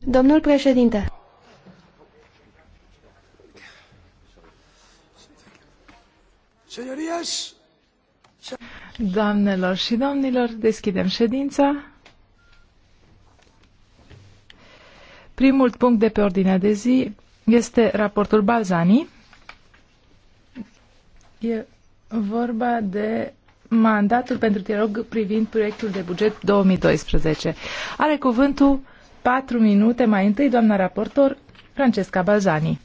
Domnul președinte. Doamnelor și domnilor, deschidem ședința. Primul punct de pe ordinea de zi este raportul Balzani. E vorba de mandatul pentru dialog privind proiectul de buget 2012. Are cuvântul 4 minute mai întâi doamna raportor Francesca Balzani.